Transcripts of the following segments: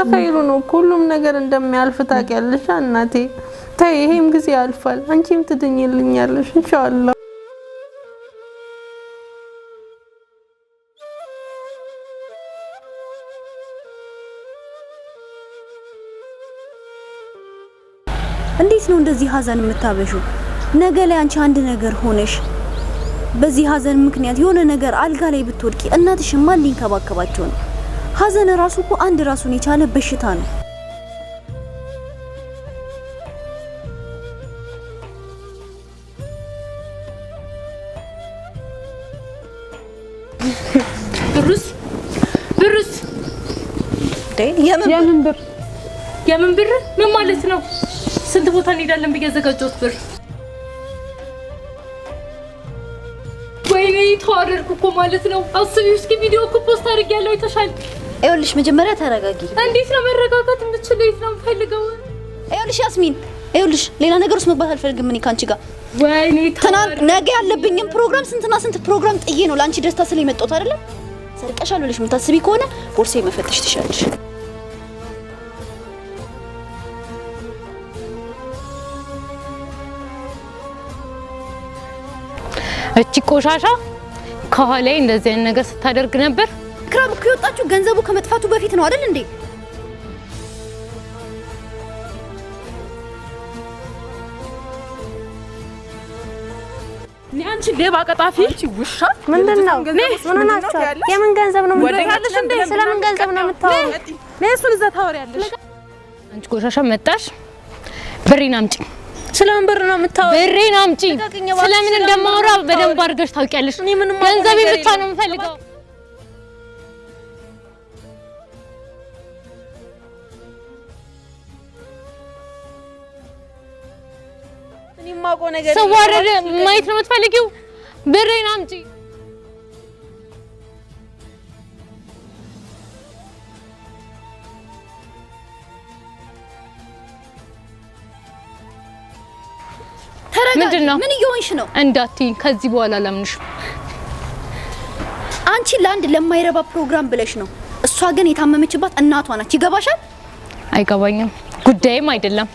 ለኸይሩ ነው። ሁሉም ነገር እንደሚያልፍ ታውቂያለሽ እናቴ። ተይ ይሄም ጊዜ ያልፋል፣ አንቺም ትድኝልኛለሽ ኢንሻአላህ። እንዴት ነው እንደዚህ ሀዘን የምታበሹ? ነገ ላይ አንቺ አንድ ነገር ሆነሽ በዚህ ሀዘን ምክንያት የሆነ ነገር አልጋ ላይ ብትወድቂ ማን ሊንከባከባቸው ነው። ሀዘን ራሱ እኮ አንድ ራሱን የቻለ በሽታ ነው። ብሩስ ብሩስ፣ የምን ብር የምን ብር? ምን ማለት ነው? ስንት ቦታ እንሄዳለን ብዬ አዘጋጀሁት ብር። ወይኔ ተዋረድኩ እኮ ማለት ነው። አስቢ እስኪ ቪዲዮ እኮ ፖስት አድርጌያለሁ። ይተሻል ይኸውልሽ መጀመሪያ ተረጋጊ። እንዴት ነው መረጋጋት የምችለው? የት ነው የምፈልገው? ይኸውልሽ ያስሚን፣ ይኸውልሽ ሌላ ነገር ውስጥ መግባት አልፈልግም። እኔ ካንቺ ጋር ወይኔ ትናንት ነገ ያለብኝም ፕሮግራም ስንትና ስንት ፕሮግራም ጥዬ ነው ለአንቺ ደስታ ስለ የመጣሁት አይደለም። ሰርቀሻል ብለሽ የምታስቢ ከሆነ ቦርሳዬ መፈተሽ ትሻለሽ። እቺ ቆሻሻ ከኋላዬ እንደዚህ አይነት ነገር ስታደርግ ነበር። ክራም እኮ የወጣችሁ ገንዘቡ ከመጥፋቱ በፊት ነው አይደል እንዴ? አንቺ ሌባ ቀጣፊ፣ አንቺ ውሻ! ምንድን ነው? ምን ናቸው? የምን ገንዘብ ነው? ስለምን ገንዘብ ነው የምታወሪው? እሱን እዛ ታወሪያለሽ። አንቺ ቆሻሻ መጣሽ። ብሬን አምጪ። ስለምን ብር ነው የምታወሪው? ብሬን አምጪ። ስለምን እንደማወራ በደንብ አድርገሽ ታውቂያለሽ። ገንዘቤ ብቻ ነው የምፈልገው። ስዋረድ ማየት ነው የምትፈልጊው? ብሬን አምጪ። ምንድን ነው? ምን እየሆንሽ ነው? እንዳትዪኝ ከዚህ በኋላ አላምንሽም። አንቺ ለአንድ ለማይረባ ፕሮግራም ብለሽ ነው። እሷ ግን የታመመችባት እናቷ ናት። ይገባሻል? አይገባኝም። ጉዳይም አይደለም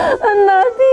나